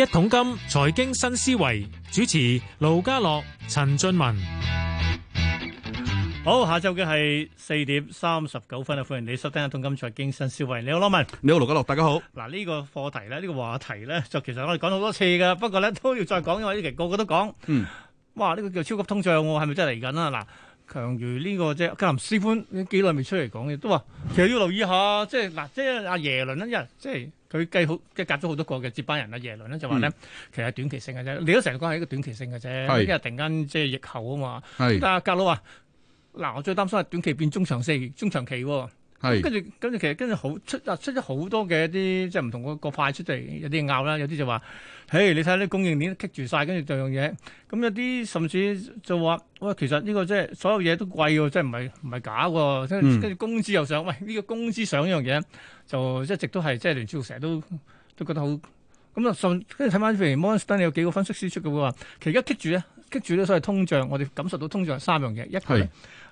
一桶金財經新思維，主持盧家樂、陳俊文，好，下晝嘅係四點三十九分啊！歡迎你收聽《一桶金財經新思維》，你好，羅文，你好，盧家樂，大家好。嗱，呢個課題咧，呢個話題咧，就其實我哋講好多次噶，不過咧都要再講，因為呢期個個都講。嗯。哇！呢個叫超級通脹喎，係咪真係嚟緊啊？嗱。強如呢、這個即係格林斯潘，幾耐未出嚟講嘅都話，其實要留意下，即係嗱，即係阿、啊、耶倫咧，即係佢計好，即係隔咗好多個嘅接班人阿、啊、耶倫咧，就話咧，其實係短期性嘅啫，你都成日講係一個短期性嘅啫，一係是突然間即係疫後啊嘛，是但係格老話，嗱、啊，我最擔心係短期變中長勢，中長期。是跟住，跟住，其實跟住好出，出咗好多嘅一啲即係唔同個個塊出嚟，有啲拗啦，有啲就話，嘿，你睇下啲供應鏈棘住晒，跟住第二樣嘢，咁有啲甚至就話，喂，其實呢個即係所有嘢都貴喎，即係唔係唔係假喎，跟住工資又上，喂，呢、呢個工資上一樣嘢，就一直都係即係連住成日都都覺得好，咁啊，跟住睇翻譬如 Morgan Stanley 有幾個分析師出嘅喎，其實一棘住咧，棘住咧所謂通脹，我哋感受到通脹係三樣嘢，一個是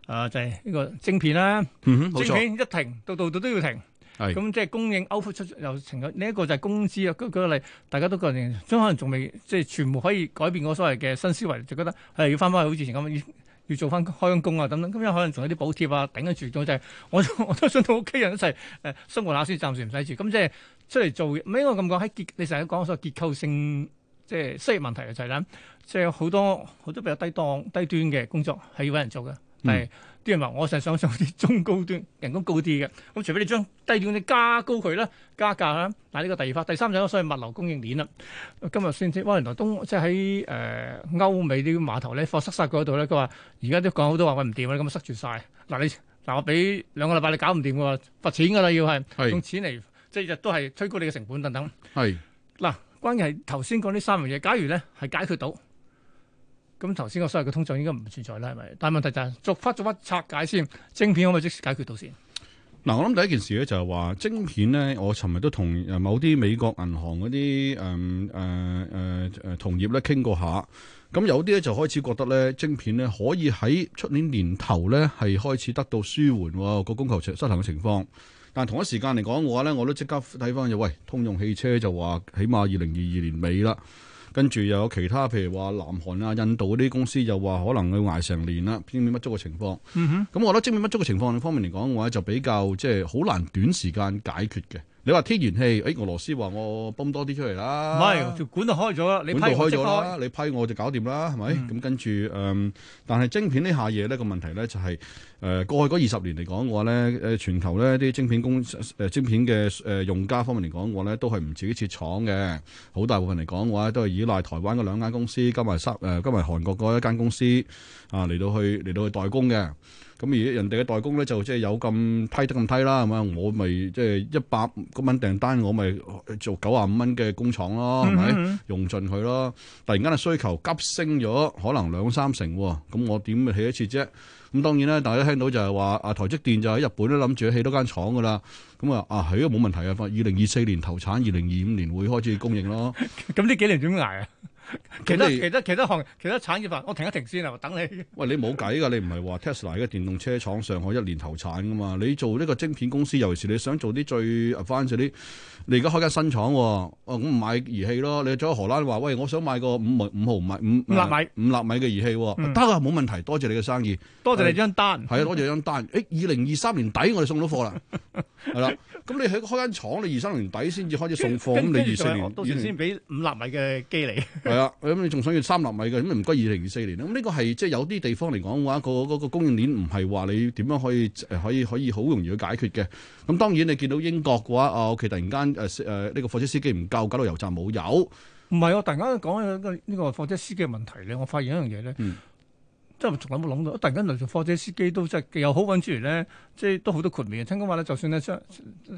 啊，就係、是、呢個晶片啦、啊，嗯、哼晶片一停，嗯、哼到度度都要停。咁是，即係供應歐服出又成咗。呢一個就係工資啊，舉個例，大家都覺得，即可能仲未即係、就是、全部可以改變嗰所謂嘅新思維，就覺得係要翻翻去好似以前咁，要要做翻開工啊，等等。咁因可能仲有啲補貼啊，頂得住咗就係我我都，我都想同屋企人一齊誒、呃、生活哪，哪先暫時唔使住。咁即係出嚟做嘢。唔、嗯、應該咁講，喺結你成日講所謂結構性即係失業問題啊，就係、是、啦。即係好多好多，多比較低檔低端嘅工作係要揾人做嘅。係，啲人話我成日想上啲中高端，人工高啲嘅。咁除非你將低端嗰啲加高佢咧，加價啦。但係呢個第二法，第三就係我所謂物流供應鏈啦。今日先知，哇！原來東即係喺誒歐美啲碼頭咧，貨塞塞嗰度咧，佢話而家啲港口都話喂唔掂啦，咁塞住晒。嗱你嗱我俾兩個禮拜你搞唔掂嘅話，罰錢㗎啦，要係用錢嚟，即係日都係推高你嘅成本等等。係嗱，關鍵係頭先講呢三樣嘢，假如咧係解決到。咁頭先個所謂嘅通脹應該唔存在啦，係咪？但係問題就係，逐忽逐忽拆解先，晶片可唔可以即時解決到先？嗱，我諗第一件事咧就係話晶片咧，我尋日都同某啲美國銀行嗰啲誒誒誒誒同業咧傾過下，咁有啲咧就開始覺得咧，晶片咧可以喺出年年頭咧係開始得到舒緩個供求失衡嘅情況。但同一時間嚟講嘅話咧，我都即刻睇翻就喂，通用汽車就話起碼二零二二年尾啦。跟住又有其他，譬如話南韓啊、印度嗰啲公司又話可能要捱成年啦，晶片不足嘅情況。咁、嗯、哼我覺得晶片不足嘅情況方面嚟講，我哋就比較即係好難短時間解決嘅。你話天然氣，誒、哎，俄羅斯話我泵多啲出嚟啦，唔係條管就開咗啦，你批我就開咗啦，你批我就搞掂啦，係咪？咁、嗯、跟住誒、嗯，但係晶片呢下嘢呢個問題咧就係、是、誒、呃、過去嗰二十年嚟講嘅話咧，誒全球咧啲晶片公誒晶片嘅誒用家方面嚟講嘅話咧，都係唔自己設廠嘅，好大部分嚟講嘅話都係依賴台灣嗰兩間公司，加埋三誒加埋韓國嗰一間公司啊嚟到去嚟到去代工嘅。咁而人哋嘅代工咧就即係有咁批得咁低啦，係嘛？我咪即係一百蚊訂單，我咪做九十五蚊嘅工廠咯，係咪？嗯嗯用盡佢咯。突然間嘅需求急升咗，可能兩三成，咁我點起一次啫？咁當然啦，大家聽到就係話啊台積電就喺日本都諗住起多間廠噶啦。咁啊啊係啊，冇問題啊。二零二四年投產，二零二五年會開始供應咯。咁呢 幾年點挨啊？其他其他其他行其他產業啊！我停一停先啊，等你。喂，你冇計噶，你唔係話 Tesla 嘅電動車廠上海一年投產噶嘛？你做呢個晶片公司，尤其是你想做啲最 advanced 啲，你而家開間新廠，哦，我、哦、唔買儀器咯。你走去荷蘭話，喂，我想買個五毫五毫五、呃、五立米五納米五納米嘅儀器，得、嗯、啊，冇問題，多謝你嘅生意，多謝你張單，係、哎，多謝張單。誒、 哎，二零二三年底我哋送到貨啦，係啦。 咁你喺開間廠，你二三年底先至開始送貨，咁 你二四年到時先俾五納米嘅機你。 咁、嗯、你仲想要三納米嘅咁，咪唔該二零二四年咁呢、嗯，呢個係即係有啲地方嚟講嘅話，這個嗰、這個、供應鏈唔係話你點樣可以、呃、可以可以好容易去解決嘅。咁、嗯、當然你見到英國嘅話，啊、哦，佢突然間誒誒呢個貨車司機唔夠，搞到油站冇油。唔係我突然間講呢個呢個貨車司機嘅問題咧，我發現一樣嘢咧，即係仲有冇諗到？突然間嚟，到貨車司機都即係有好穩之餘呢，即係都好多缺點。聽講話咧，就算呢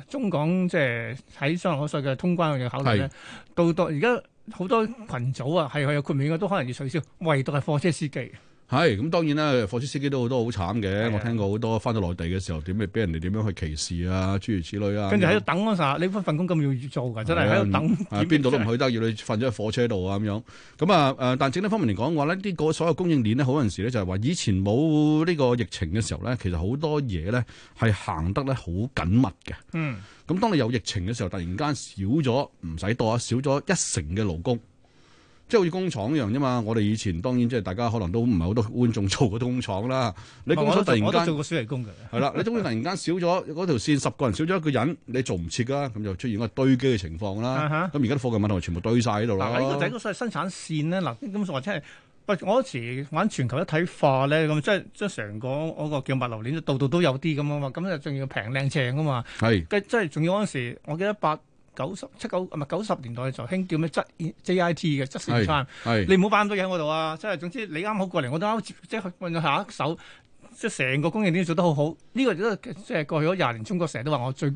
中港即係喺雙岸可稅嘅通關嘅考慮咧，到到而家。好多群組啊，係佢有豁免嘅，都可能要取消。唯獨係貨車司機。係，咁當然啦，貨車司機都好多好慘嘅，的我聽過好多翻到內地嘅時候點咪俾人哋點樣去歧視啊，諸如此類啊。跟住喺度等嗰陣，你份工咁要做㗎，的真係喺度等。邊度、嗯、都唔去得，的要你瞓咗喺貨車度啊咁樣。咁啊誒，但整體方面嚟講，我咧啲嗰所有供應鏈呢，好有時咧就係話，以前冇呢個疫情嘅時候咧，其實好多嘢咧係行得咧好緊密嘅。嗯。咁當你有疫情嘅時候，突然間少咗唔使多啊，少咗一成嘅勞工。即係好似工廠一樣啫嘛，我哋以前當然即係大家可能都唔係好多觀眾做過工廠啦。你工廠突然間，做，做過暑期工嘅。係 啦，你總會突然間少咗嗰條線十個人少咗一個人，你做唔切㗎，咁就出現一個堆積嘅情況啦。咁而家啲貨櫃物頭全部堆晒喺度啦。嗱、uh，huh. 啊這個仔嗰個生產線咧，嗱咁或者係，喂，我嗰時玩全球一體化咧，咁即係將成個嗰個叫物流鏈，度度都有啲咁啊嘛，咁就仲要平靚正㗎嘛。係。即係仲要嗰陣時，我記得八。九十七九，唔係九十年代就興叫咩質 JIT 嘅質性，你唔好擺咁多嘢喺嗰度啊！即係總之你啱好過嚟，我都啱好即係問下一手，即係成個供應鏈做得好好。呢、呢個都即係過去咗廿年，中國成日都話我最。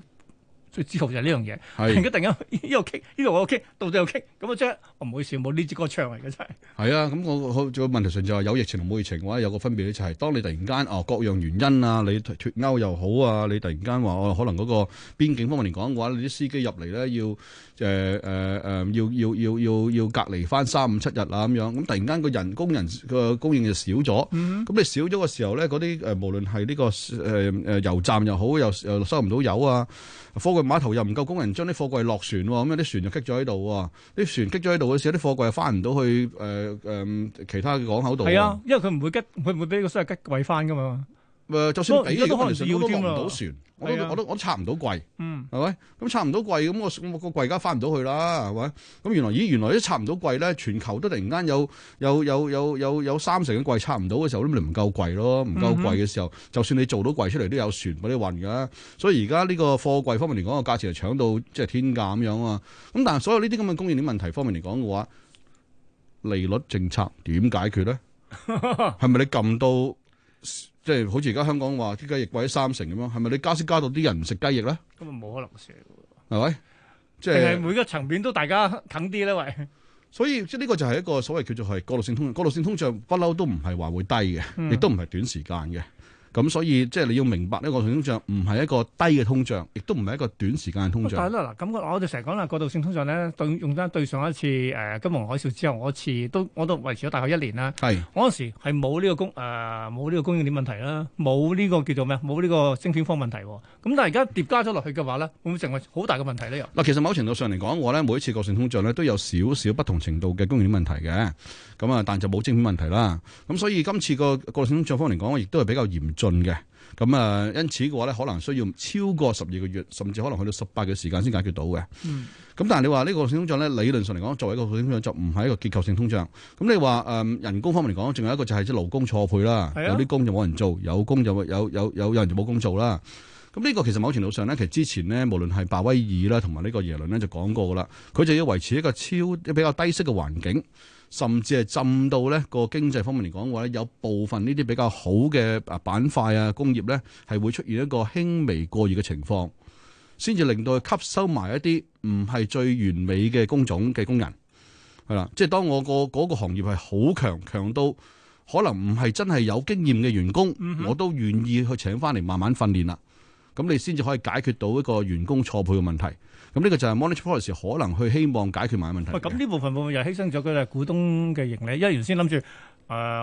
最自豪就係呢樣嘢，突然間，突然間，依度傾，呢度我傾，到最後傾，咁啊真係，我唔好意思，冇呢支歌唱嚟嘅真係。係啊，咁我好話問題上就係有疫情同冇疫情嘅話，有個分別咧，就係、是、當你突然間哦各樣原因啊，你脫脫歐又好啊，你突然間話、啊、可能嗰個邊境方面嚟講嘅話，你啲司機入嚟咧要誒誒誒要要要要要隔離翻三五七日啦咁樣，咁突然間個人工人個供應就少咗，咁你少咗嘅時候咧，嗰啲誒無論係呢個誒誒油站又好，又收唔到油啊，碼頭又唔夠工人將啲貨櫃落船，咁有啲船就擊咗喺度，啲船擊咗喺度嗰時候，啲貨櫃又翻唔到去誒誒、呃呃、其他嘅港口度。係啊，因為佢唔會激，佢唔會俾個箱激毀翻㗎嘛。呃、就算而家都可以要添啊，都用唔到船！我都我都我拆唔到櫃，係咪、嗯？咁拆唔到櫃，咁我我、那個櫃而家翻唔到去啦，係咪？咁原來咦，原來都拆唔到櫃咧，全球都突然間有有有有有有三成嘅櫃拆唔到嘅時候，都咪唔夠櫃咯，唔夠櫃嘅時候，嗯嗯就算你做到櫃出嚟，都有船畀你運嘅。所以而家呢個貨櫃方面嚟講，個價錢係搶到即係天價咁樣啊！咁但係所有呢啲咁嘅供應鏈問題方面嚟講嘅話，利率政策點解決咧？係咪你撳到？ 即係好似而家香港話雞翼貴咗三成咁咯，係咪你加息加到啲人唔食雞翼咧？咁啊冇可能事嚟嘅喎，係咪？即係每個層面都大家近啲咧，喂 。所以即係呢個就係一個所謂叫做係過渡性通脹，過渡性通脹不嬲都唔係話會低嘅，亦、嗯、都唔係短時間嘅。咁、嗯、所以即係你要明白呢、呢個性通脹唔係一個低嘅通脹，亦都唔係一個短時間嘅通脹。但係咧嗱，咁、嗯、我我就成日講啦，過渡性通脹咧，對用得對上一次誒、呃、金融海嘯之後，我次都我都維持咗大概一年啦。係嗰陣時係冇呢個供誒冇呢個供應鏈問題啦，冇呢個叫做咩冇呢個芯片方問題。咁、嗯、但係而家疊加咗落去嘅話咧，會唔會成為好大嘅問題呢？嗱、嗯，其實某程度上嚟講，我咧每一次過渡性通脹咧都有少少不同程度嘅供應鏈問題嘅。咁、嗯、啊，但就冇芯片問題啦。咁、嗯、所以今次個過渡性通脹方嚟講，亦都係比較嚴重。進嘅，咁啊，因此嘅話咧，可能需要超過十二個月，甚至可能去到十八嘅時間先解決到嘅。嗯，咁但係你話呢個通脹咧，理論上嚟講，作為一個通脹就唔係一個結構性通脹。咁、嗯、你話誒、呃、人工方面嚟講，仲有一個就係即勞工錯配啦，啊、有啲工就冇人做，有工就會有有有，有人就冇工做啦。咁、嗯、呢、這個其實某程度上咧，其實之前咧，無論係鮑威爾啦，同埋呢個耶倫咧，就講過噶啦，佢就要維持一個超比較低息嘅環境。甚至係浸到咧個經濟方面嚟講嘅話，有部分呢啲比較好嘅啊板塊啊工業咧，係會出現一個輕微過熱嘅情況，先至令到佢吸收埋一啲唔係最完美嘅工種嘅工人，係啦。即係當我個嗰個行業係好強，強到可能唔係真係有經驗嘅員工，我都願意去請翻嚟慢慢訓練啦。咁你先至可以解決到一個員工錯配嘅問題。咁呢、嗯這個就係 monetary policy 可能去希望解決埋嘅問題。咁呢、嗯嗯、部分會唔會又犧牲咗佢哋股東嘅盈利？因為原先諗住誒，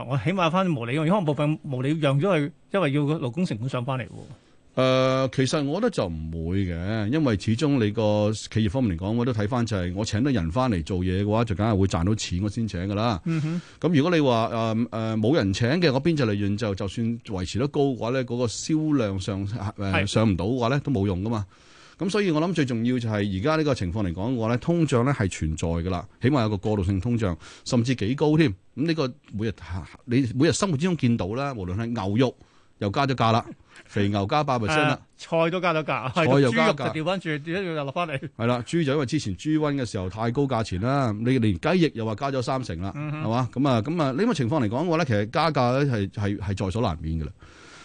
我起碼翻無理用，如果部分無利讓咗去，因為要勞工成本上翻嚟喎。其實我覺得就唔會嘅，因為始終你個企業方面嚟講，我都睇翻就係我請得人翻嚟做嘢嘅話，就梗係會賺到錢我，我先請㗎啦。咁如果你話誒誒冇人請嘅嗰邊就利潤就就算維持得高嘅話咧，嗰、那個銷量上誒上唔到嘅話咧，都冇用噶嘛。咁所以，我諗最重要就係而家呢個情況嚟講嘅話咧，通脹咧係存在噶啦，起碼有個過渡性通脹，甚至幾高添。咁呢個每日、啊、你每日生活之中見到啦，無論係牛肉又加咗價啦， 肥牛加八 percent 啦，菜都加咗價，菜又加價，掉翻轉，掉一又落翻嚟。係啦，豬就因為之前豬瘟嘅時候太高價錢啦，你連雞翼又話加咗三成啦，係嘛、嗯哼？咁啊，咁啊，呢個情況嚟講嘅話咧，其實加價咧係係係在所難免噶啦。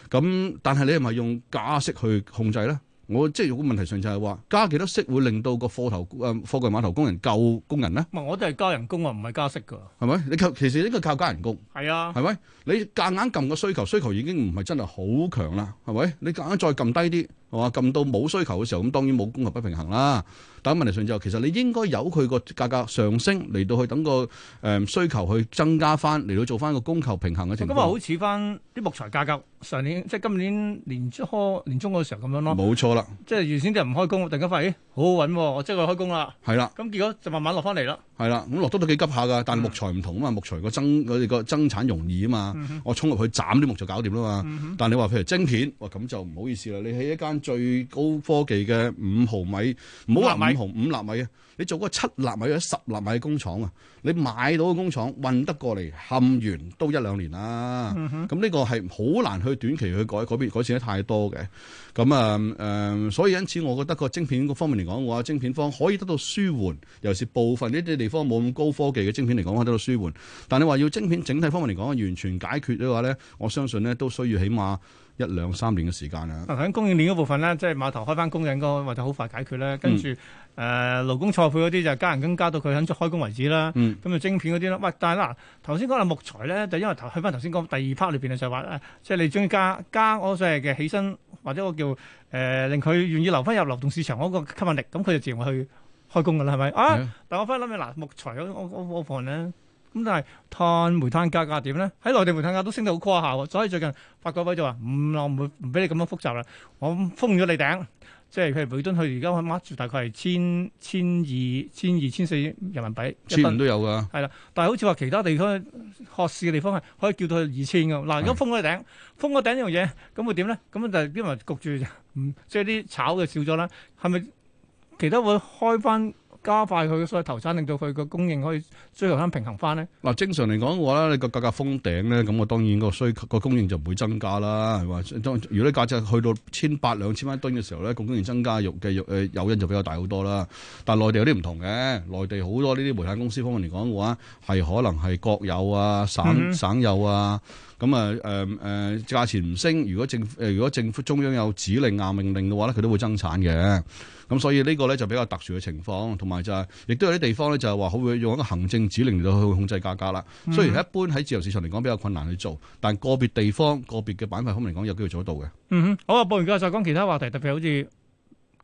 咁但係你係咪用加息去控制咧？我即係如果問題上就係話加幾多息會令到個貨頭誒貨櫃碼頭工人夠工人咧？唔係我都係加人工啊，唔係加息噶。係咪？你靠，其實呢個靠加人工。係啊。係咪？你夾硬撳個需求，需求已經唔係真係好強啦。係咪？你夾硬硬再撳低啲，係嘛？撳到冇需求嘅時候，咁當然冇供求不平衡啦。咁嘅問題上之後，其實你應該由佢個價格上升嚟到去等個誒、呃、需求去增加翻，嚟到做翻個供求平衡嘅情況。咁啊，好似翻啲木材價格上年即係今年年初年中嗰時候咁樣咯。冇錯啦，即係原先就唔開工，突然間發現、哎、好好揾、哦，我即刻去開工啦。係啦的。咁結果就慢慢落翻嚟啦。係啦，咁落得都幾急下㗎，但係木材唔同啊嘛，嗯、木材個增我哋個增產容易啊嘛，嗯、哼我衝入去斬啲木材搞掂啦嘛。嗯、哼但係你話譬如晶片，哇，咁就唔好意思啦，你喺一間最高科技嘅五毫米，唔好話五納米嘅，你做嗰七納米或者十納米嘅工廠啊？你買到個工廠運得過嚟，冚完都一兩年啦。咁呢、嗯、哼個係好難去短期去改改變改善得太多嘅。咁啊誒，所以因此，我覺得個晶片嗰方面嚟講，我話晶片方，晶片方可以得到舒緩，尤其是部分呢啲地方冇咁高科技嘅晶片嚟講，可以得到舒緩。但你話要晶片整體方面嚟講，完全解決嘅話咧，我相信咧都需要起碼。一兩三年嘅時間啦，喺供應鏈嗰部分咧，即係碼頭開翻工應該或者好快解決啦。跟住誒勞工錯配嗰啲就加人工加到佢肯出開工為止啦。咁啊、嗯、晶片嗰啲咧，喂！但係啦，頭先講啦木材咧，就因為頭去翻頭先講第二 part 裏邊啊，就話、是、咧，即係你鍾意加加嗰種嘅起薪或者我叫誒、呃、令佢願意留翻入流動市場嗰個吸引力，咁佢就自然會去開工噶啦，係咪啊？的但係我翻諗起，嗱、啊、木材嗰個嗰個部分咧。咁但係碳煤炭價格點咧？喺內地煤炭價都升得好誇下喎，所以最近發改委就話唔我唔會唔俾你咁樣複雜啦，我封咗你頂，即係譬如每噸佢而家可以 mark 住大概係千千二千二千四人民幣，千五都有㗎。係啦，但係好似話其他地區學士嘅地方係可以叫到去二千㗎。嗱，而家封咗頂，封咗頂呢樣嘢，咁會點咧？咁就因為焗住就唔即係啲炒嘅少咗啦。係咪其他會開翻？加快佢嘅所有投產，令到佢個供應可以需求翻平衡翻咧。嗱，正常嚟講嘅話咧，你個價格封頂咧，咁我當然個需求個供應就唔會增加啦。係嘛？當如果價值去到千八兩千蚊一噸嘅時候咧，個供應增加，肉嘅肉誒誘因就比較大好多啦。但係內地有啲唔同嘅，內地好多呢啲煤炭公司方面嚟講嘅話，係可能係國有啊、省、嗯、省有啊。咁啊，誒誒、嗯，價、嗯嗯、錢唔升。如果政誒、呃，如果政府中央有指令、硬命令嘅話咧，佢都會增產嘅。咁、嗯、所以個呢個咧就是、比較特殊嘅情況，同埋就係、是、亦都有啲地方咧就係話會用一個行政指令嚟到去控制價格啦。雖然一般喺自由市場嚟講比較困難去做，但係個別地方個別嘅板塊方面嚟講有機會做得到嘅。嗯哼，好啊，報完價再講其他話題，特別好似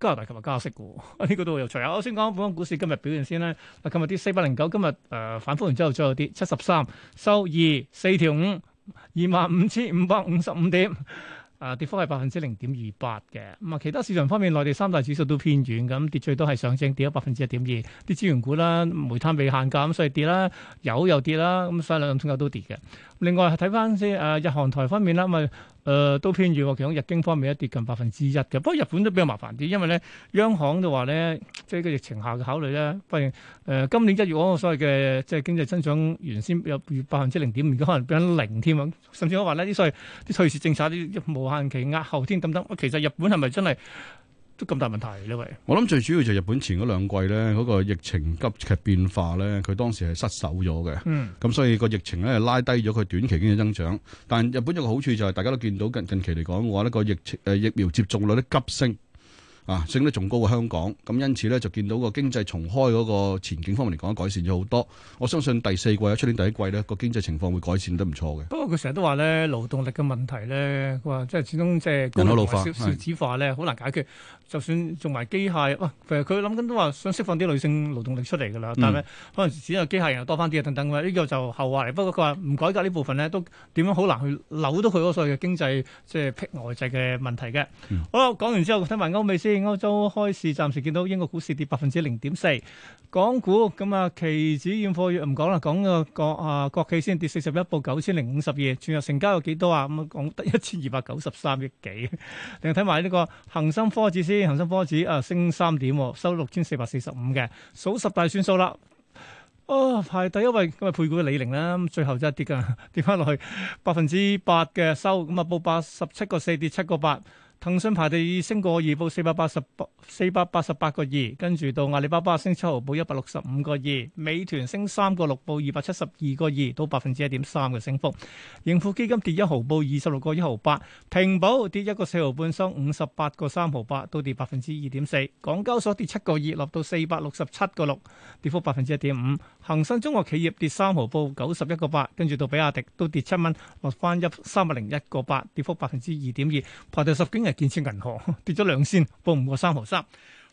加拿大今日加息嘅呢個都又除嚟。我先講、嗯、本港股市今日表現先咧。嗱，琴日跌四百零九，今日誒反覆完之後再跌七十三，收二四條五。二萬五千五百五十五點，啊，跌幅係百分之零點二八嘅。咁啊，其他市場方面，內地三大指數都偏軟，咁跌最多係上證，跌咗百分之一點二，啲資源股啦、煤炭未限價咁所以跌啦，油又跌啦，咁所以兩桶油都跌嘅。另外睇翻先，啊，日韓台方面啦，咪。誒、呃、都偏弱，其中日經方面一跌近百分之一嘅，不過日本都比較麻煩啲，因為咧央行就話咧，即係個疫情下嘅考慮咧，不如誒、呃、今年一月嗰個所謂嘅即係經濟增長原先有逾百分之零點五，而家可能變緊零添啊！甚至我話咧啲所謂啲退市政策啲無限期押後天等等，其實日本係咪真係？.都咁大問題，呢喂，我諗最主要就日本前嗰兩季咧，嗰、那個疫情急劇變化咧，佢當時係失守咗嘅。嗯。咁所以個疫情咧拉低咗佢短期經濟增長。但日本有個好處就係、是、大家都見到近近期嚟講，嘅話呢個疫情誒、呃、疫苗接種率咧急升。啊，升得仲高過香港，咁因此呢，就見到個經濟重開嗰個前景方面嚟講改善咗好多。我相信第四季啊、出年第一季呢個經濟情況會改善得唔錯嘅。不過佢成日都話呢勞動力嘅問題呢，佢話即係始終即係個勞動力老化、少少子化呢好難解決。是就算做埋機械，佢諗緊都話想釋放啲女性勞動力出嚟㗎啦，嗯、但係可能只有機械人又多翻啲啊等等呢、呢個就後話嚟。不過佢話唔改革呢部分呢，都點樣好難去扭到佢嗰個所謂嘅經濟即係辟外債嘅問題嘅。嗯、好啦，講完之後睇埋歐美先。歐洲開市，暫時見到英國股市跌百分之零點四，港股咁啊，期指現貨月唔講啦，講個國啊國企先跌四十一報，九千零五十二，全日成交有幾多啊？咁啊，講得一千二百九十三億幾。定睇埋呢個恒生科指先，恒生科指啊升三點，啊、收六千四百四十五嘅。數十大算數啦，哦、啊，排第一位今日配股嘅李寧啦，咁最後真係跌噶，跌翻落去百分之八嘅收，咁啊報八十七個四，跌七個八。騰訊排第二，升個二，報四百八十八，四百八十八個二，跟住，到阿里巴巴升七毫 2, 升 6, 2. 2,，報一百六十五個二，美團升三個六，報二百七十二個二，到百分之一點三嘅升幅。盈富基金跌一毫，報二十六個一毫八，平保跌一個四毫半，收五十八個三毫八，都跌百分之二點四。港交所跌七個二，落到四百六十七個六，跌幅百分之一點五。恒生中國企業跌三毫，報九十一個八，跟住，到比亞迪都跌七蚊，落翻一三百零一個八，跌幅百分之二點二。排第十點二。建設銀行跌咗兩仙，報唔過三毫三。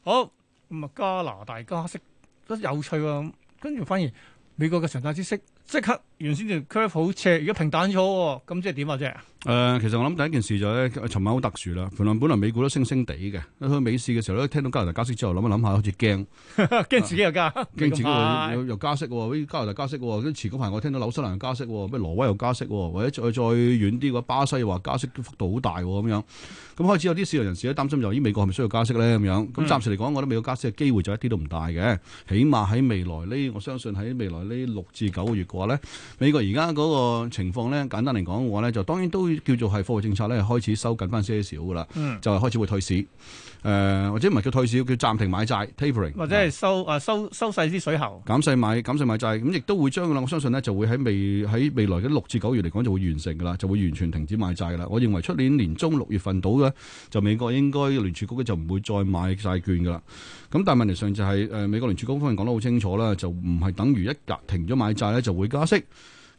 好，咁啊加拿大加息都有趣喎，啊。跟住反而美國嘅長債孳息即刻原先條 curve 好斜，如果平坦咗，哦，咁即係點啊？即係。誒、呃，其實我諗第一件事就係，尋晚好特殊啦。本來本嚟美股都升升地嘅，去美市嘅時候咧，聽到加拿大加息之後，諗一諗下，好似驚，驚 自己又加，驚、啊、自己又加息喎，啲加拿大加息喎，咁前嗰排我聽到紐西蘭加息，咩挪威又加息，或者再再遠啲嘅話，巴西話加息幅度好大咁樣，咁開始有啲市場人士咧擔心，由於美國係咪需要加息咧咁樣？咁暫時嚟講，我覺得美國加息嘅機會就一啲都唔大嘅，起碼喺未來呢，我相信喺未來呢六至九個月嘅話咧，美國而家嗰個情況咧，簡單嚟講嘅話咧，就當然都。叫做係貨幣政策咧，開始收緊翻些少噶啦，嗯、就係開始會退市，誒、呃、或者唔係叫退市，叫，叫暫停買債 tapering，或者係收誒是收收，收細啲水喉，減細買減細買債，咁亦都會將啦。我相信咧就會喺未喺未來嘅六至九月嚟講就會完成噶啦，就會完全停止買債噶啦。我認為出年年中六月份到咧，就美國應該聯儲局就唔會再買債券噶啦。咁但係問題上就係、是、誒、呃、美國聯儲局方面講得好清楚啦，就唔係等於一隔停咗買債咧就會加息。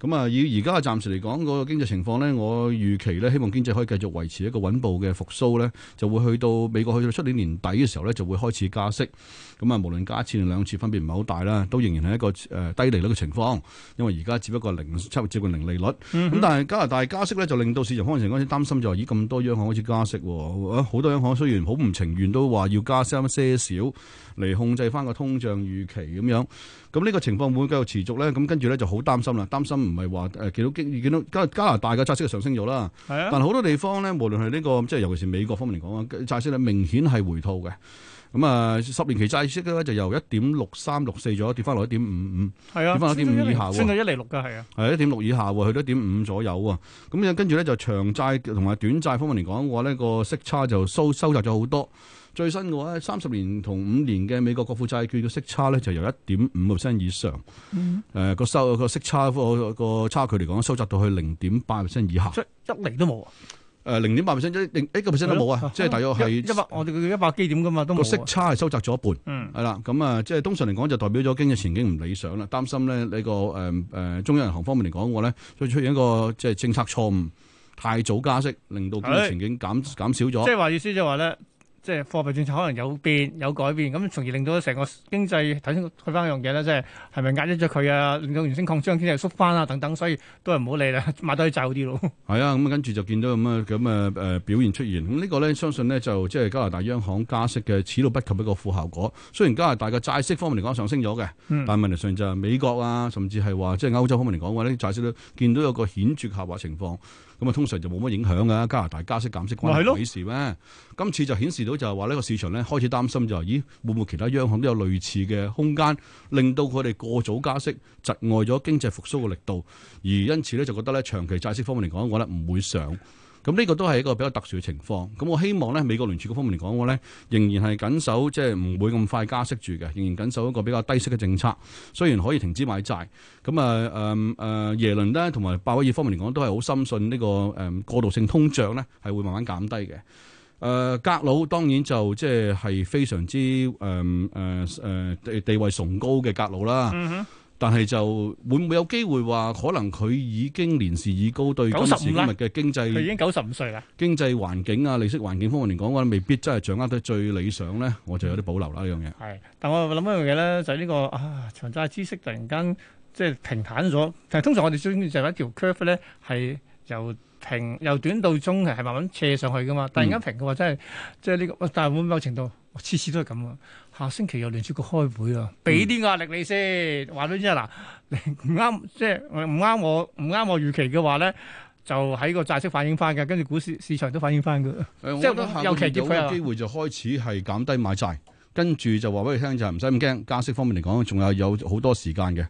咁啊，以而家暫時嚟講，嗰、那個經濟情況咧，我預期咧，希望經濟可以繼續維持一個穩步嘅復甦咧，就會去到美國去到出年年底嘅時候咧，就會開始加息。咁啊，無論加一次定兩次，分別唔係好大啦，都仍然係一個誒低利率嘅情況。因為而家只不過零七接近零利率，咁、嗯、哼但係加拿大加息咧，就令到市場方面情況先擔心就話，咦咁多央行開始加息喎、啊？好、啊、多央行雖然好唔情願，都話要加息啱啲些少嚟控制翻個通脹預期咁樣。咁呢個情況會唔會繼續持續咧？咁跟住咧就好擔心啦，擔心唔係話誒見到見到加加，加拿大嘅債息就上升咗啦，啊、但好多地方咧，無論係呢個即係尤其是美國方面嚟講啊，債息啊明顯係回吐嘅。咁、嗯、啊、呃，十年期債息咧就由一點六三六四左右跌翻落一點五五，跌翻一點五以下，升到一厘六㗎係啊，係一點六以下喎，去到一點五左右啊。咁樣跟住咧就長債同埋短債方面嚟講嘅話呢、呢個息差就收收窄咗好多。最新嘅話，三十年同五年嘅美國國庫債券嘅息差咧，就由一點五毫森以上，誒個收個息差個差距嚟講，收窄到去零點八毫森以下。一厘都冇。誒零點八毫森，一、一一個 percent 都冇啊！的即係大約係一百，我哋嘅一百基點㗎嘛，都冇。個息差係收窄咗一半。係啦、嗯，咁啊，即係通常嚟講，就代表咗經濟前景唔理想啦，擔心咧、這、呢個誒誒、呃呃、中央銀行方面嚟講嘅話咧，再出現一個即係政策錯誤，太早加息，令到經濟前景減減少咗。的即係話意思就係話咧。即係貨幣政策可能有變有改變，咁從而令到成個經濟，頭先退翻一樣嘢咧，即係係咪壓抑咗佢啊？令到原先擴張嘅經濟縮翻啊，等等，所以都係唔好理啦，買多啲債好啲咯。係啊，咁跟住就見到咁啊咁啊誒表現出現，咁、嗯、呢、嗯、個咧相信呢，就即係加拿大央行加息嘅始料不及一個副效果。雖然加拿大嘅債息方面嚟講上升咗嘅，但係問題上就係美國啊，甚至係話即係歐洲方面嚟講嘅咧，債息都見到有個顯著下滑情況。咁啊，通常就冇乜影響㗎，加拿大加息減息關我哋事咩？是今次就顯示到就係話呢個市場咧開始擔心就係，咦會唔會其他央行都有類似嘅空間，令到佢哋過早加息，窒礙咗經濟復甦嘅力度，而因此咧就覺得咧長期債息方面嚟講，我覺得唔會上。咁呢個都係一個比較特殊嘅情況。咁我希望咧，美國聯儲局方面嚟講嘅咧，仍然係緊守即係唔會咁快加息住嘅，仍然緊守一個比較低息嘅政策。雖然可以停止買債。咁啊誒誒耶倫咧，同埋鮑威爾方面嚟講，都係好深信呢、呢個誒、呃、過渡性通脹咧，係會慢慢減低嘅。誒、呃、格佬當然就即係係非常之誒誒誒地位崇高嘅格佬啦。嗯哼。但係就會唔會有機會話，可能佢已經年事已高對今時今日嘅經濟已經九十五歲啦，經濟環境啊、利息環境方面嚟講，我咧未必真係掌握得最理想咧，我就有啲保留啦呢樣嘢。係、嗯，但我諗一樣嘢咧，就係呢個啊，長債孳息突然間即係平坦咗。其實通常我哋中意就係一條 curve 咧，係由平由短到中係慢慢斜上去噶嘛。突然間平嘅話、就是，真係即係呢個，但係冇某程度，次次都係咁啊。下星期又聯儲局開會啊，俾啲壓力你先。話俾你知啊嗱，唔啱即係唔啱我唔啱我預期嘅話咧，就喺個債息反映翻嘅，跟住股市市場都反映翻嘅。即係、嗯、有機會就開始係減低買債，嗯、跟住就話俾你聽就係唔使咁驚。加息方面嚟講，仲有有好多時間嘅。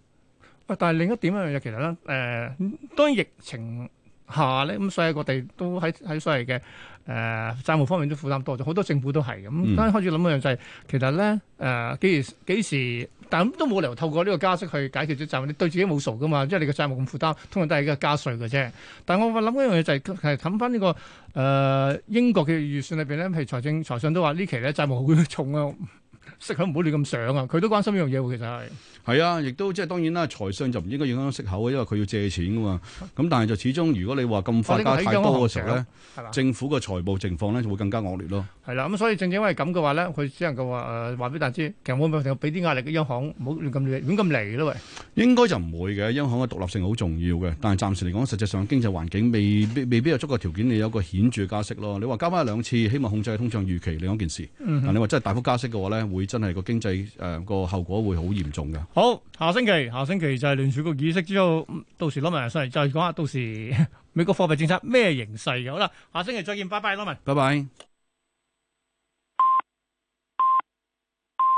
喂，但係另一點一樣嘢，其實咧，誒、呃，當疫情。下咧咁，啊、所以各地都喺喺所謂嘅誒、呃、債務方面都負擔多咗，好多政府都係咁。啱、嗯、開始諗嘅樣就係、是、其實咧誒幾時幾時，但都冇理由透過呢個加息去解決咗債務，你對自己冇數噶嘛，即係你嘅債務咁負擔，通常都係一個加稅嘅啫。但我諗嘅一樣嘢就係係諗翻呢個誒、呃、英國嘅預算裏邊咧，譬如財政財信都話呢期咧債務好重啊。息口唔好亂咁上啊！佢都關心呢樣嘢喎，其實係係啊，亦都即係當然啦。財相就唔應該影響息口啊，因為佢要借錢㗎嘛。咁、啊、但係就始終，如果你話咁快、啊、加息多嘅時候咧，啊、吧政府嘅財務情況咧就會更加惡劣咯。係啦、啊，咁、嗯、所以正正因為咁嘅話咧，佢只能夠話誒話俾大家，其實冇唔會俾啲壓力嘅央行唔好亂咁亂咁嚟咯？喂，應該就唔會嘅，央行嘅獨立性好重要嘅。但係暫時嚟講，實際上經濟環境未未必有足夠條件，你有一個顯著加息咯。你話加翻一兩次，希望控制通脹預期，另一件事。嗯、哼但你話真係大幅加息嘅話咧，會真係個經濟誒個後果會好嚴重嘅。好，下星期下星期就係聯儲局議息之後，到時攞埋上嚟，再係講下到時美國貨幣政策咩形勢嘅。好啦，下星期再見，拜拜，阿羅文，拜拜。拜拜。